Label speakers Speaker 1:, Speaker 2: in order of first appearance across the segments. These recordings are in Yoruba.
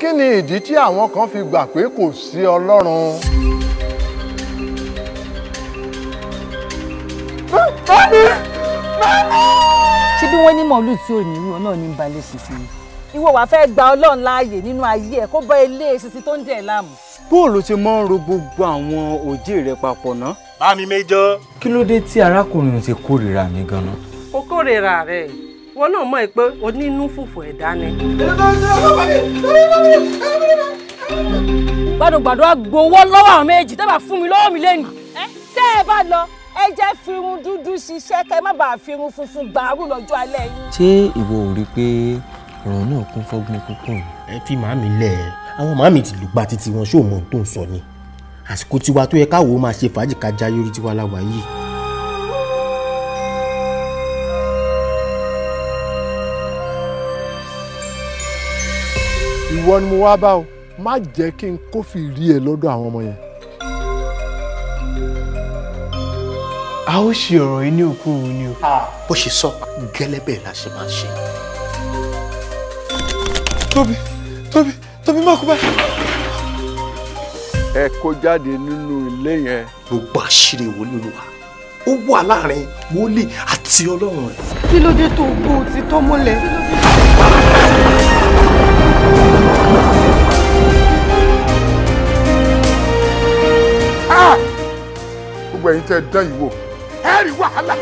Speaker 1: kí ni ìdí tí àwọn kan fi gbà pé kò sí ọlọ́run. mami mami. ṣé bí wọ́n ní mọ̀lú tí ò ní ìwọ náà ní balẹ̀ sísìn ìwọ wàá fẹ́ gba ọlọ́run láàyè nínú ayé ẹ̀ kó bá ilé sísìn e tó ń dẹ̀ láàmú. bóòlù ti máa ń ro gbogbo àwọn òjì rẹ papọ̀ ná. bá méjọ. kí ló dé tí arákùnrin ti kórìíra mi ganan. o kórìíra rẹ wọn náà mọ̀ pé onínú fùfù ẹ̀dá ni. gbàdúgbàdú agbowó lọ́wọ́ àwọn méjì tẹ́ bá fún mi lọ́wọ́ mi lẹ́nu. tẹ́ ẹ bá lọ ẹ jẹ́ firun dúdú ṣiṣẹ́ kẹ́ má bàa firun funfun gbàrú lọ́jọ́ alẹ́ yìí. ṣé ìwọ ò rí i pé ọ̀rọ̀ náà kún fọ́gbọ́n púpọ̀ ni. ẹ fi màámi lẹ àwọn màámi ti lùgbà títí wọn ṣó mọ ohun tó ń sọ ni àsìkò tiwa tó yẹ káwọ máa ṣe fàájì ká jayé orí tiwa láwa yìí. ìwọ ni mo wá bá o má jẹ́ kí n kófìrí ẹ lọ́dọ̀ àwọn ọmọ yẹn. a ó ṣe ọ̀rọ̀ yìí ní òkú òun ni o. bó ṣe sọ gẹ́lẹ́bẹ̀ la ṣe máa ṣe. tóbi tóbi tóbi má kú báyìí. ẹ kó jáde nínú ilé yẹn. gbogbo àṣírí wo ni olúwa ó wà láàrin wòlíì àti ọlọ́run rẹ̀. kí ló dé tó gbó ti tọ́mọ́lẹ̀. kí ló dé gbogbo ẹ̀yin tẹ́ dán yìí wò ẹ rí wàhálà.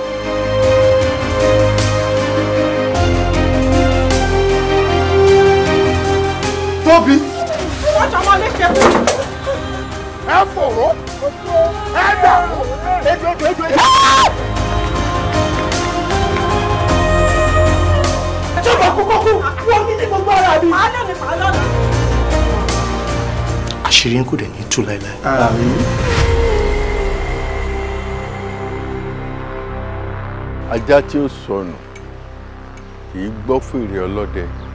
Speaker 1: tóbi. wọ́n jọmọ léṣe fún mi. ẹ fòró ẹ dàrú èdè èdè èdè. jọba kúkọkú wọ́n ní ní gbogbo ara mi. màá lọ́nà màá lọ́nà. àṣírí ń kò dẹ̀ ní tú láéláé. àmín. ajá tí ó sọnù kì í gbọ́ fèrè ọlọ́dẹ